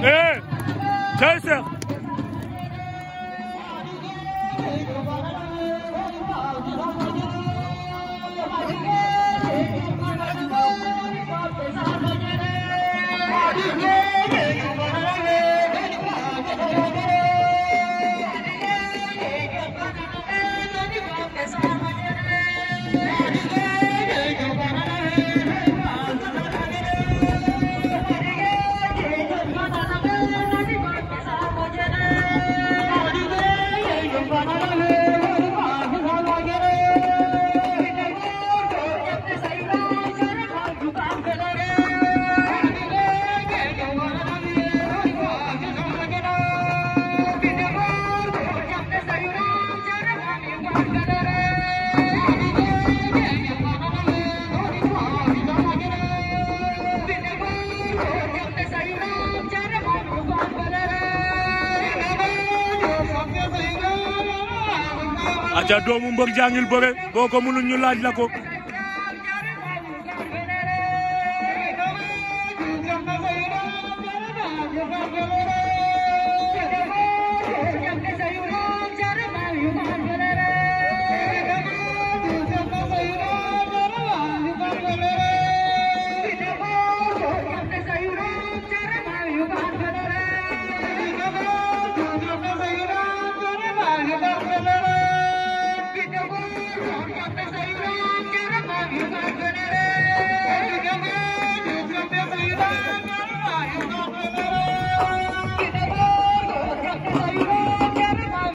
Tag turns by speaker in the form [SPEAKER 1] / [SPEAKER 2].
[SPEAKER 1] Hey, chase
[SPEAKER 2] aca doomu mbër jàngil bëre boo ko mënul ñu laaj la ko
[SPEAKER 3] you're not gonna.